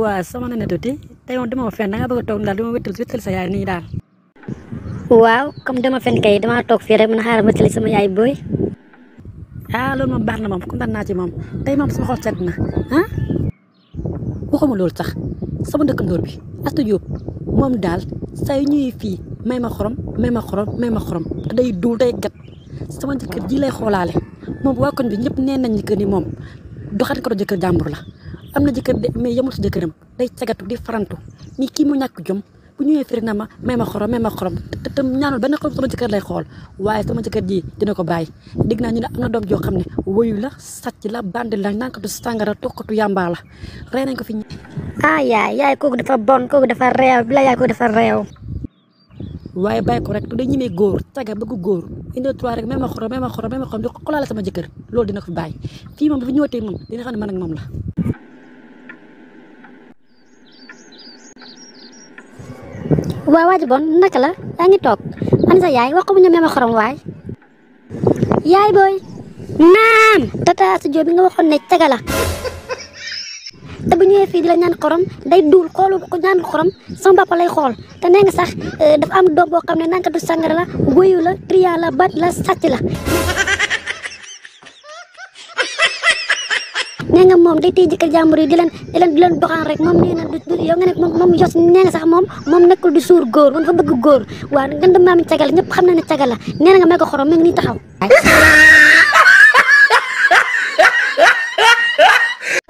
waaw sama na ne tuuti tey moom dama fen da nga bëgg a toog daal dama wéttal wéttal sa yaay nii daal. waaw comme dama fen kay damaa toog fii rek man xaaral wéttali sama yaay booy. ah loolu moom baax na moom kontaan naa ci moom tey moom sama xol sedd na ko ah? waxuma loolu sax sama dëkkandoor bi Astou Diop moom daal sa yu ñëwee fii may ma xorom may ma xorom may ma xorom te day duul day gat sama jëkkër ji lay xoolaale moom waa koñ bi ñëpp nee nañ ni que moom doxati ko jëkkër jàmbur la. am na jëkkër de mais yemul si jëkkëram day cagatu di farantu ni kii mu ñàkk jom bu ñëwee firi na ma may ma xorom may ma xorom te te ñaanul benn xorom sama jëkkër lay xool waaye sama jëkkër ji dina ko bàyyi dégg naa ñu ne am na doom joo xam ne woyu la sàcc la bandi la nankatu sàngara tokkatu yàmbaa la rey nañ ko fi. ah yaay yaay kooku dafa bon kooku dafa réew bi la yaay kooku dafa réew. waaye bàyyi ko rek du day ñemee góor caga bëgg góor indi trois rek même xorom même xorom même xorom di xolaale sama jëkkër loolu dina ko fi bàyyi fii moom bu fi ñëwatee moom dina xam ne man ak moom la. waaw waa ji bon naka la yaa ngi toog ani sa yaay wax ko mu ñoom ñoom xorom waay. yaay booy. naam. tata studio bi nga waxoon ne caga la. te bu ñëwee fii di la ñaan xorom day duul xoolu ko ñaan xorom sama papa lay xool te nee nga sax eh, dafa am doom boo xam ne naan katu sàngara la wéyu la la bat la sàcc la. nee nga moom day téye jëkkër jàmbur yi di leen di leen di leen doxaan rek moom nee du yow nga ne nga sax moom moom nekkul ñëpp xam na ne cagal la na nga may ko xorom mi nii taxaw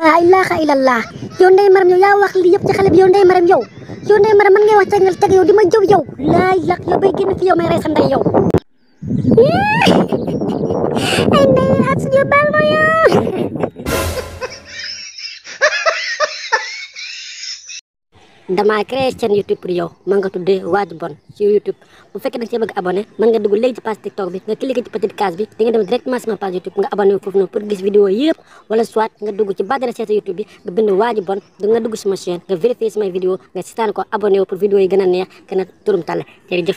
laa ilaaha illallah yow ndey maram yow yaa wax lii yëpp ci xale bi ndey maram yow yow ndey maram man ngay wax tegal teg yow di ma jëw yow laay lak yow bay génn fi yow may rey sa yow ay ndey at suñu baal ma yow damaa créé YouTube pour yow mën nga tuddee Waaju Bon ci YouTube bu fekkee da nga see bëgg abonné nga dugg léegi ci page TikTok bi nga cliqué ci petite case bi di dem directement sama page YouTube nga abonné wu foofu noonu pour gis vidéo yëpp wala soit nga dugg ci barre de recherche YouTube bi nga bind Waaju Bon du nga dugg sama chaîne nga vérifié samay vidéo nga seetaan ko abonné wu pour vidéo yi gën a neex gën a turum tàll